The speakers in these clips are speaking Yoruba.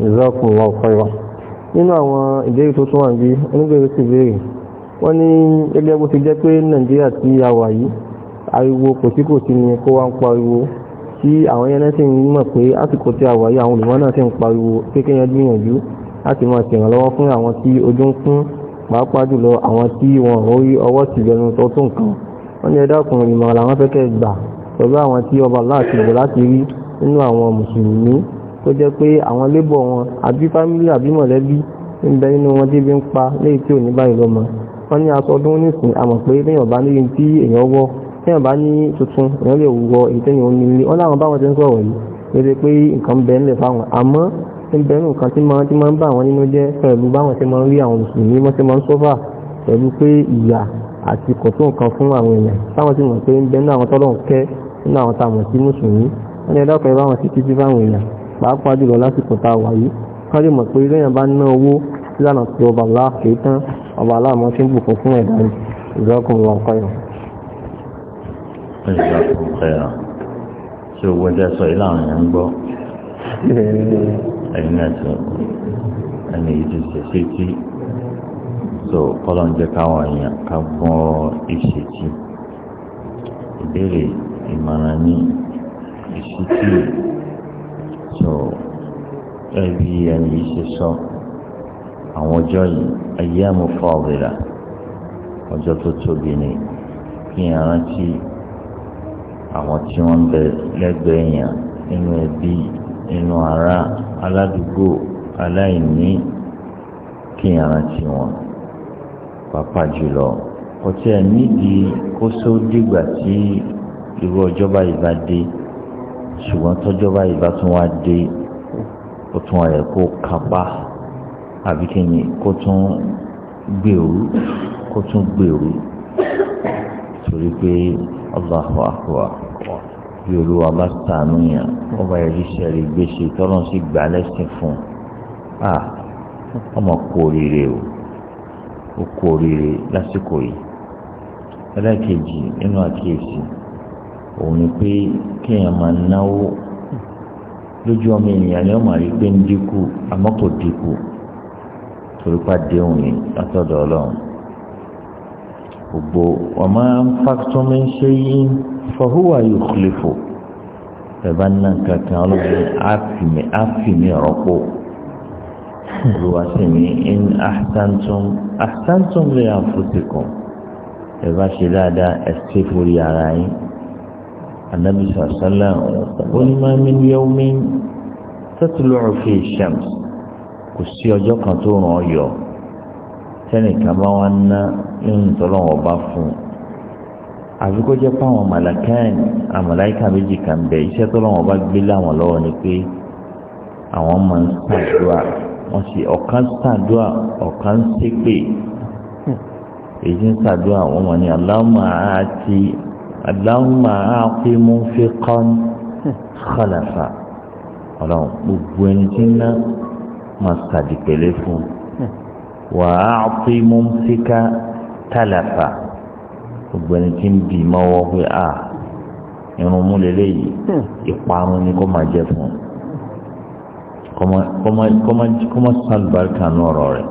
Jazakumullahu khairan nínú àwọn ìbéèrè tó tún wà bí wọ́n ti jẹ́ pé Nàìjíríà tí a wà yìí ariwo kò sí kò sí ni kó wá ń pariwo tí àwọn yẹn sì ń mọ̀ pé àsìkò tí a wà yìí àwọn olùmọ́ náà sì ń pariwo kékeré gbìyànjú láti máa ṣèrànlọ́wọ́ fún àwọn tí ojú ń kún pàápàá jùlọ àwọn tí wọn rí ọwọ́ sí lẹ́nu tó tún wọ́n ní ẹ ìmọ̀ràn fẹ́kẹ́ gbà pẹ̀lú àwọn tí ọba láti rí nínú àwọn mùsùlùmí kó jẹ́ pé àwọn lébọ̀ wọn àbí fámílì àbí mọ̀lẹ́bí ń bẹ nínú wọn tí bí ń pa léyìí tí ò ní báyìí lọ́mọ wọ́n ní aṣọ ọdún nìsín àmọ̀ pé téèyàn bá ní tí èèyàn wọ́ téèyàn bá ní tuntun èèyàn lè wọ èyí téèyàn ó ní ilé wọ́n láwọn báwọn ti ń sọ̀rọ̀ yìí lórí pé nǹkan ń bẹ ńlẹ̀ fáwọn àmọ́ ń bẹ nǹkan tí máa ń bà wọ́n nínú jẹ́ pẹ̀lú báwọn ti máa ń rí àwọn mùsùlùmí wọ́n ti máa ìyà àti kòtó nǹkan fún àwọn èèyàn táwọn sì mọ̀ pé ń bẹ nínú àwọn tọ́lọ́ kẹ́ nínú àwọn tá sí mùsùlùmí wọ́n ní ẹ̀dá ọ̀pẹ̀ báwọn sì títí fáwọn èèyàn pàápàá jùlọ lásìkò tá a wà yìí kárí mọ̀ pé lẹ́yìn bá ná owó sílànà tí ọba aláàfẹ́ tán ọba aláàmọ́ tí ń bùkún fún ẹ̀dá rẹ̀ ìzọ́kùnrin wọn kọ́ yàn. ìzọ́kùnrin kọ́ yàn tí owó ń dẹ́sọ̀ yìí láwọn èèyàn ń gbọ́ ẹ̀yìn náà tó ẹni yìí ti ṣe sétí tó kọ́lọ̀ ń jẹ́ káwọn èèyàn ká gbọ́ ìṣètì ìbéèrè ìmọ̀ràn ní ìṣítì so ẹbí ẹni yìí ṣe sọ àwọn ọjọ́ yìí ayé àmúfọ́ ọ̀rẹ́ra ọjọ́ tó tóbi ni kí n rántí àwọn tí wọ́n ń bẹ lẹ́gbẹ̀ẹ́ yẹn nínú ẹbí nínú ará aládùúgbò aláìní kí n rántí wọn pàápàá jùlọ kò ẹ nídìí kó sódìgbà tí irú ọjọ́ báyìí bá dé ṣùgbọ́n tọ́jọ́ báyìí bá tún wá dé ó tún ayẹ kó kápá àbí kẹ́yìn kó tún gbèrú kó tún gbèrú torí pé Allahu akbar bí olúwa bá sànú yàn ó bá yẹ ríṣẹ́ rí gbèsè tọ́lọ́n sì gbà lẹ́sìn fún a ọmọ kú oríire o ó kú oríire lásìkò yìí ẹlẹ́ẹ̀kejì nínú àkíyèsí òun ni pé kéèyàn máa náwó lójú ọmọ ènìyàn ni wọ́n máa rí pé ń dínkù àmọ́ kò dínkù torípa déhùn ni látọ̀dọ̀ ọlọ́run gbogbo ọmọ fàtúmí ṣe yí fọwọ́wà yóò kúlẹ̀fọ̀ bẹ̀bá náà kankan ọlọ́run á fi mí rọ́pò olùwà sí mi in ahsantum ahsantum lè àfòsìkọ̀ bẹ̀bá ṣe dáadáa ẹ̀ ṣe ara yín. النبي صلى الله عليه وسلم قل ما من يوم تطلع فيه الشمس كسي أجوكا تون أيو تاني كما وانا ينطلع وبافون àfi kó jẹ́ fáwọn màlàkàn àmàláìkà méjì kan bẹ̀ iṣẹ́ tó lọ́wọ́ bá gbé láwọn lọ́wọ́ ni pé àwọn máa ń ṣàdúrà wọ́n sì ọ̀kan ṣàdúrà ọ̀kan ṣépè èyí ń ṣàdúrà wọ́n mọ̀ ní Allahumma àti àdáhùnmá àpé mú fi kán kọlàfà ọlọ́run gbogbo ẹni tí ń ná máa sàdì pẹ̀lẹ́ fún wà á pé mú fi ká tálàfà gbogbo ẹni tí ń bì mọ́wọ́ pé a irun mú lélẹ́yìí ìparun ni kó máa jẹ fún un kọ́mọ́ sàlùbáríkà ní ọ̀rọ̀ rẹ̀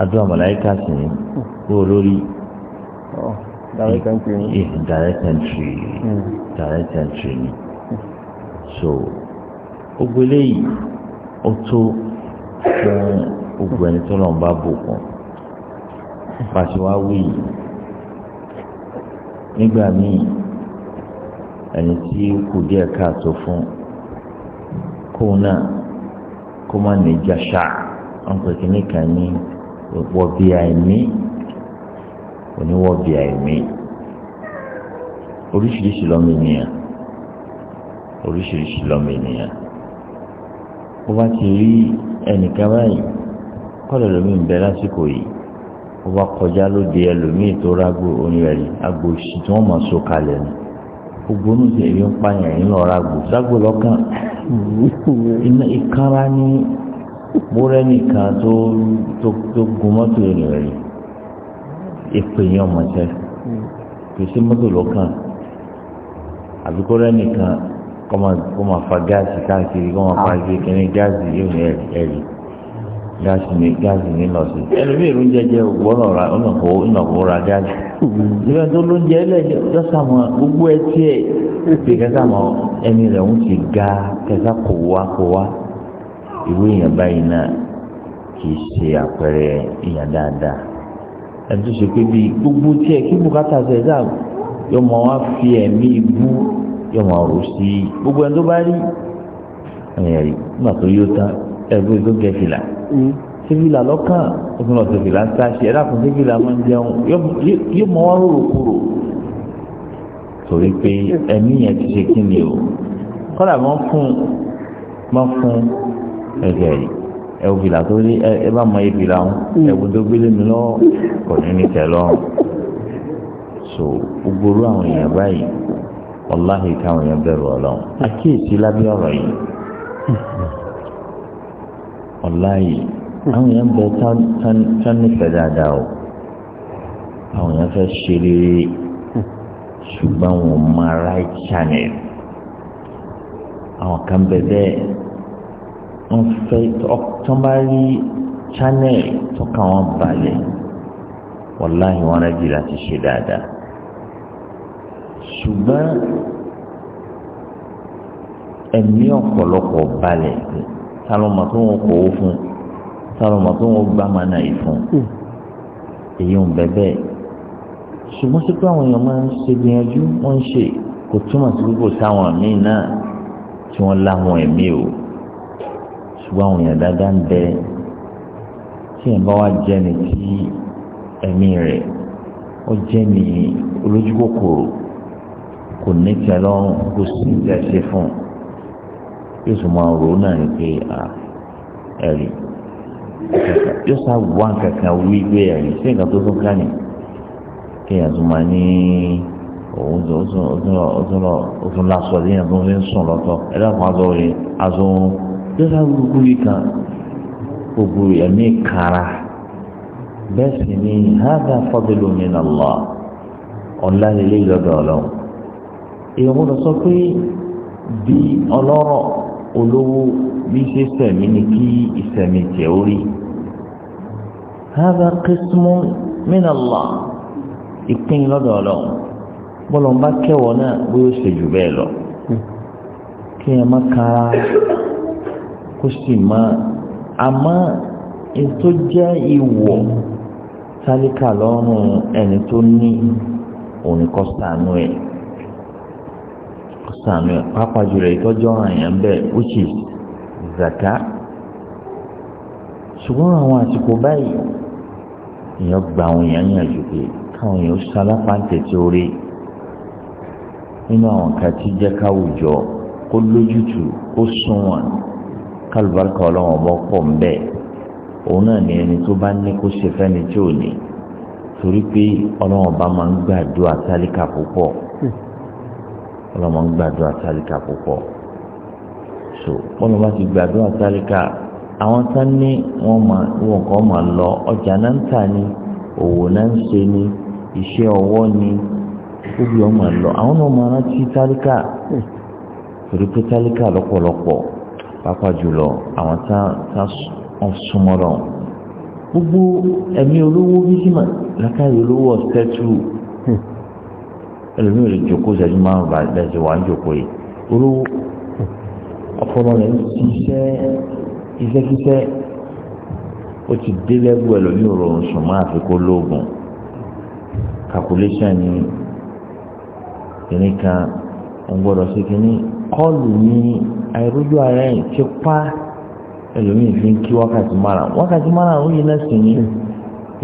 adúlá màláíkà sì kúrò lórí direct entry ni. eh direct entry hmm. direct entry ni hmm. so gbogbo eléyìí o tó fún gbogbo ẹni tó lọ́n bá bùkún pàṣẹ wá wí yìí nígbà míì ẹni tí kù díẹ̀ káàtó fún kóun náà kó má ní jàṣà wọn pè kí nìkan ní òpó bíi àìní oníwọ́bi àìmí oríṣiríṣi lọ́mọ ènìyàn oríṣiríṣi lọ́mọ ènìyàn bó bá ti rí ẹnìkan báyìí kọ́lẹ̀ lómi ń bẹ lásìkò yìí bó bá kọjá lóde ẹlòmíì tó rágbó onírẹ̀lì agbo sí tí wọ́n mọ̀ so kalẹ̀ ni gbogbo ní ti èyí ń pààyàn yìí lọ rágbó ságbó lọ́kàn iná ìkárá ní bórẹ́nìkan tó gun mọ́tò onírẹ̀lì èpè yẹn ọmọ ṣẹ kò sí mọ́tò lọ́kàn àbí kó rẹ́ nìkan kó máa fa gáàsì káàkiri kó máa fa ah. kékeré gáàsì yóò ní ẹ̀rí gáàsì ní gáàsì ní lọ́sì ẹlòmíì ló ń jẹjẹ gbọ́dọ̀ ra ọ̀nàkó ọ̀nàkó ra gáàsì ìgbà tó ló ń jẹ ẹlẹ́jẹ lọ́sàmọ́ gbogbo ẹ tiẹ̀ pé kẹsàmọ́ ẹni rẹ̀ ń ti ga kẹsà kò wá kò wá ìwé èèyàn báyìí náà kì í ṣe àpẹẹrẹ èèyàn dáadáa ẹni tó ṣe pé bíi gbogbo tí ẹ kí bùkátà ṣe ẹ̀dá yóò mọ wá fi ẹ̀mí ibú yóò mọ ọ̀rọ̀ sí i gbogbo ẹni tó bá rí ẹ̀yìn ẹ̀rí nígbà tó yóò tán ẹ̀gbọ́n tó gẹ fìlà sífìlà hmm. lọ́kàn ó tún lọ sífìlà ń sáṣẹ ẹ̀dá kan sífìlà máa ń jẹun yóò mọ wá rò kúrò torí pé ẹ̀mí yẹn ti ṣe kí ni o kọ́dà máa ń fún máa ń fún ẹ̀gẹ̀rì ẹwù fìlà tó ní ẹ bá mọ ìfìlà ọ̀hún ẹwù tó gbélé mi lọ kò ní ní tẹ̀lọ́ so gbogbo àwọn èèyàn báyìí wàláhì káwọn èèyàn bẹ̀rù ọlọ́run àkíyèsí lábẹ́ ọ̀rọ̀ yìí wàláhì àwọn èèyàn bẹ tán nífẹ̀ẹ́ dáadáa o àwọn èèyàn fẹ́ ṣe rere ṣùgbọ́n wọn máa right channel àwọn kan bẹ bẹ́ẹ̀ ń fẹ́ tán bá rí channel tọ́ka wọn balẹ̀ wàláhì wọn rájì láti ṣe dáadáa ṣùgbọ́n ẹ̀mí ọ̀pọ̀lọpọ̀ balẹ̀ sálọ́mọ̀ tó wọn kò ó fún sálọ́mọ̀ tó wọn gbá máa náà ìfún hmm. èyí ń bẹ bẹ́ẹ̀ ṣùgbọ́n sí àwọn èèyàn máa ń ṣe gbìyànjú wọ́n ń ṣe kò túmọ̀ sí pé kò míì náà tí wọ́n láwọn ẹ̀mí o ṣùgbọ́n àwọn èèyàn dáadáa ń bẹ tí ẹ̀ bá wá jẹ́ ni tí ẹ̀mí rẹ̀ ó jẹ́ ni olójú kòkòrò kò ní tẹ lọ́rùn kò sì ní tẹ ṣe fún un yóò sì máa rò ó náà ní pé ẹ̀rí yóò sá wá kankan wí pé ẹ̀rí sí nǹkan tó tún kánì kéèyàn tún máa ní òun tó tún lọ ó tún lọ ó tún lọ aṣọ àti tó ń sùn lọ́tọ̀ ẹ̀dá kan aṣọ rẹ̀ aṣọ òun yọ̀rọ̀ awúrúkú yìí kan gbogbo ẹ̀mí kara bẹ́ẹ̀ sì ni hàdà fadlu min Allah ọ̀la lélẹ́ ìlọ́dọ̀ ọlọ́run èèyàn gbọ́dọ̀ sọ pé bí ọlọ́rọ̀ olówó bí ṣe sẹ̀mí ni kí ìsẹ̀mí jẹ́ orí hàdà qismu min Allah ìpín lọ́dọ̀ ọlọ́run bọ́lọ̀ ń bá kẹwọ́ náà bóyá ó ṣe jù bẹ́ẹ̀ lọ kí ẹ má kara kó sì máa àmọ́ ètò jẹ́ ìwọ̀ tálíkà lọ́rùn ẹni tó ní òní kọ́ sànú ẹ̀ kọ́ sànú ẹ̀ pápá jùlọ ìtọ́jú ọ̀ràn yẹn bẹ́ẹ̀ ó sì zàká ṣùgbọ́n àwọn àsìkò báyìí èèyàn gba àwọn èèyàn yànjú pé káwọn èèyàn sálápá tètè orí nínú àwọn kan tí jẹ́ káwùjọ kó lójútùú kó sunwọ̀n kálùbáríkà ọlọ́wọ́n bọ́ pọ̀ ń bẹ́ẹ̀ òun náà ni ẹni tó bá ní kó ṣe fẹ́ni tí ò ní torí pé ọlọ́wọ́n bá máa ń gbàdúrà tálíkà púpọ̀ ọlọ́wọ́n máa ń gbàdúrà tálíkà púpọ̀ so bọ́lá bá ti gbàdúrà tálíkà àwọn tán ní wọ́n máa wọ́n kọ́ máa lọ ọjà náà ń tà ní òwò náà ń ṣe ní iṣẹ́ ọwọ́ ní gbogbo ọmọ lọ àwọn ọmọ rántí tálíkà torí pé tálíkà lọ́pọ̀lọpọ̀ pápá jùlọ àwọn tá tá wọn súnmọ́ lọ gbogbo ẹ̀mí olówó bísímà lákàyè olówó ọ̀sẹ̀ tù ẹlòmíràn lè jòkó ìṣẹ́jú márùn-ún bá lẹ́sẹ̀ wà ń jòkó yìí olówó ọpọlọ rẹ̀ ń ṣiṣẹ́ iṣẹ́kíṣẹ́ ó ti dé lẹ́bù ẹlòmíràn òrùn sùn máa fi kó lóògùn calculation ni kìnìkan ọ̀gbọ́dọ̀ sí kínní kọ́ọ̀lù ní àìrójú ara ẹ̀ ti pa ẹlòmíì fi ń kí wákàtí márùn wákàtí márùn ó yìí náà sì ní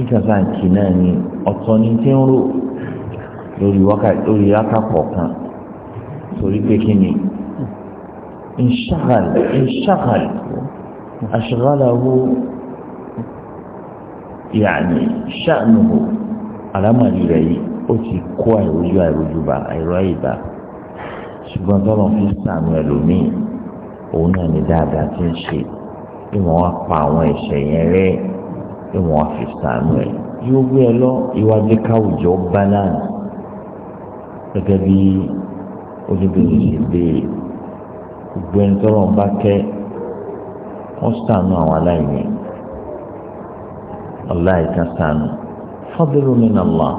ìkàtà nkì náà ni ọ̀tọ̀ ni tí ń rò lórí wákàtí lórí akápọ̀ kan torí pé kínní ìṣàkàl ìṣàkàl àṣàkàlàwò yàní ṣàánù àlámàlì rẹ̀ yìí ó ti kó àìrójú àìrójú bá àìrọ́ àìbá ṣùgbọ́n tọ́lọ̀ fi sàmì ẹlòmíì òun náà ní dáadáa ti ń ṣe bí wọ́n á pa àwọn ẹ̀ṣẹ̀ yẹn rẹ́ bí wọ́n á fi sàmì ẹ̀ yóò gbé ẹ lọ ìwádìí káwùjọ balance gẹ́gẹ́ bí olùbẹ̀rẹ̀ ṣe béèrè e, gbogbo ẹni tọ́lọ̀ bá kẹ́ wọ́n sànú àwọn aláìní ọláìka sànú fadlu min Allah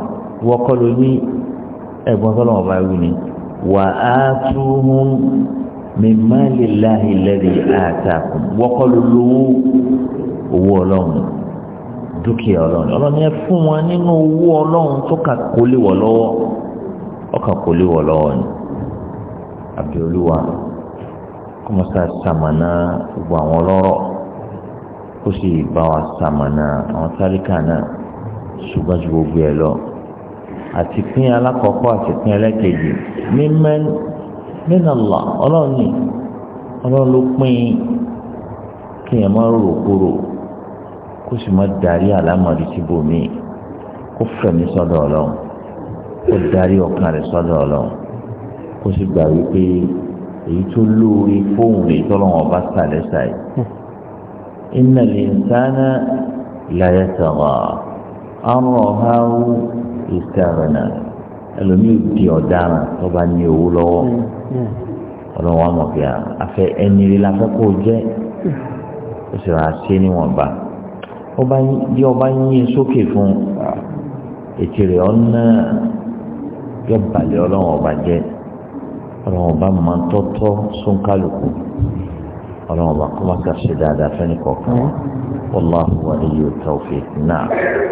wọ́kọ́ ló ní ẹ̀gbọ́n tọ́lọ̀ bá wù ní wà á tú hún mímá lèláhi lẹ́rìí àtàkùn wọ́kọ́ ló lówó owó ọlọ́run dúkìá ọlọ́run ọlọ́run yẹn fún wọn nínú owó ọlọ́run tó kà kólé wọ̀ lọ́wọ́ ọkà kólé wọ̀ lọ́wọ́ ni àbíolúwa kọ́mọ́sá sàmànà gbogbo àwọn ọlọ́rọ̀ ó sì bá wa sàmànà àwọn sáríkà náà ṣùgbọ́n ju gbogbo ẹ̀ lọ àti pín alákọ̀ọ́kọ́ àti pín ẹlẹ́kejì mímẹ́ mínàlá ọlọ́run ni ọlọ́run ló pín kí èèyàn má rò kúrò kó sì má darí àlámọ̀rí síbò míì kó fẹ̀mí sọ́dọ̀ ọlọ́run kó darí ọkàn rẹ̀ sọ́dọ̀ ọlọ́run kó sì gbà wípé èyí tó lóore fóun rèé tọ́lọ́wọ́n bá sàlẹ̀ sàì. Hmm. innal insana la yatagha amọ̀háwó ìtàrànà ẹlòmíì di ọ̀daràn tó bá ní owó lọ́wọ́ hmm, hmm. ọlọ́wọ́ àmọ̀ bíi afẹ́ ẹni rí la fẹ́ kó jẹ́ ó sì rà sí níwọ̀nba bí ọba yín sókè fún ètò rẹ̀ ọ̀nà yọ balẹ̀ ọlọ́wọ́ ọba jẹ́ ọlọ́wọ́ ọba máa ń tọ́tọ́ sóńkálùkù ọlọ́wọ́ ọba kọ́ máa kà ṣe dáadáa fẹ́ni kọ̀ọ̀kan wọ́n lọ́wọ́ àwọn èyí ò tàwọn fèèfì náà.